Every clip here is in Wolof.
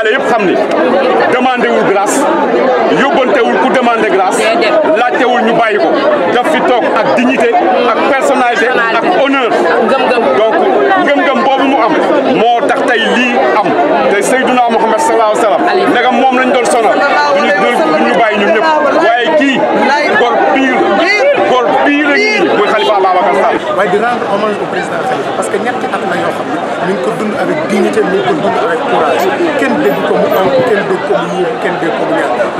Sénégalais yëpp xam ni demandé wul grâce yóbbantewul ku demandé grâce laajtewul ñu bàyyi ko daf fi toog ak dignité ak personnalité ak honneur donc ngëm-ngëm boobu mu am moo tax lii am te Seydina Muhammad sallallahu alayhi wa sallam ndegam moom lañ doon sonal duñu duñu bàyyi ñun ñëpp waaye kii gor pire gor pire ñii mooy Khalifa Ababacar Sall waaye que ñetti mi ngi ko dund avec dignité dund avec courage kenn dégg ko ko mu yóbbu kenn dégg ko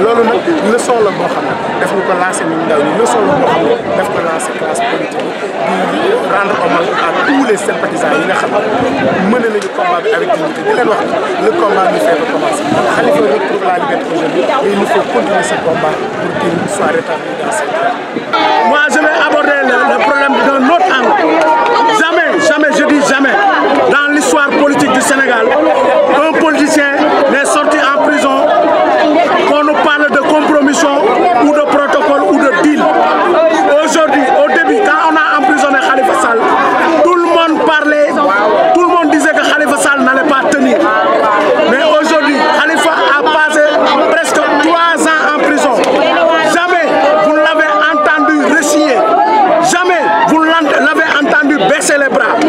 loolu nag leçon boo xam ne daf ñu ko lancé ñun ndaw ñi leçon la boo xam ne daf ko lancé classe politique di rendre hommage à tous les sympathisants yi nga xam ne mën nañu combat bi avec dignité di leen wax le combat nous fait recommencer Khalifa retrouve la liberté aujourd'hui et il pour qu'il soit rétabli dans ses droits. je vais aborder le, problème d'un autre angle. baissez les bras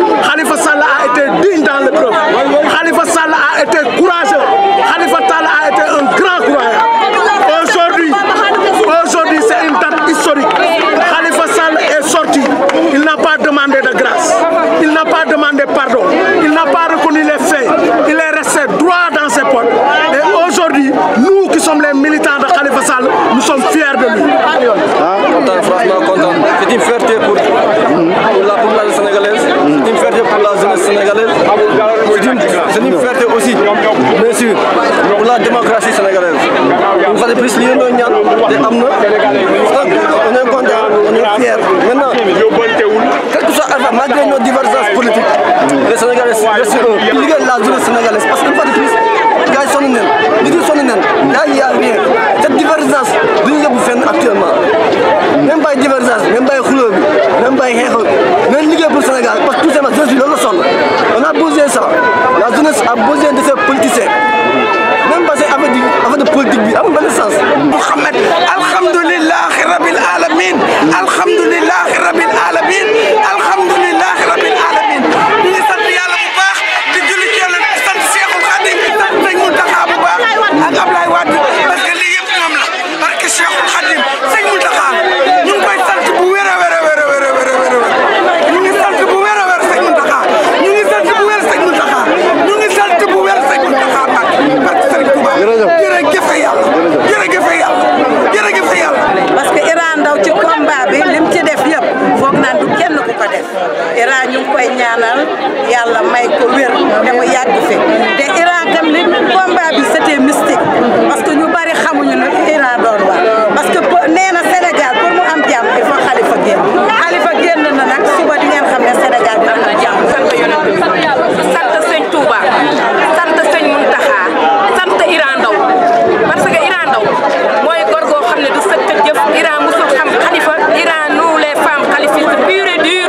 démocratie sénégalaise. Une fois de plus, li ñu doon ñaan te am ah, on est content on est fier maintenant quelle que soit malgré nos divergences politiques les Sénégalais Ira ñu koy ñaanal yàlla may ko wér te mu yàgg fi te Ira tam li bi c'était mystique parce que ñu bari xamuñu lu Ira doon wax parce que nee na mu am jàmm il faut Khalifa génn na nag suba di ngeen xam ne Sénégal dina am jàmm sant yonent bi sant Muntaxa sant Ira Ndaw parce que Ira Ndaw mooy góor xam ne du sëkk jëf Ira musul xam Khalifa Ira nous les femmes khalifistes pure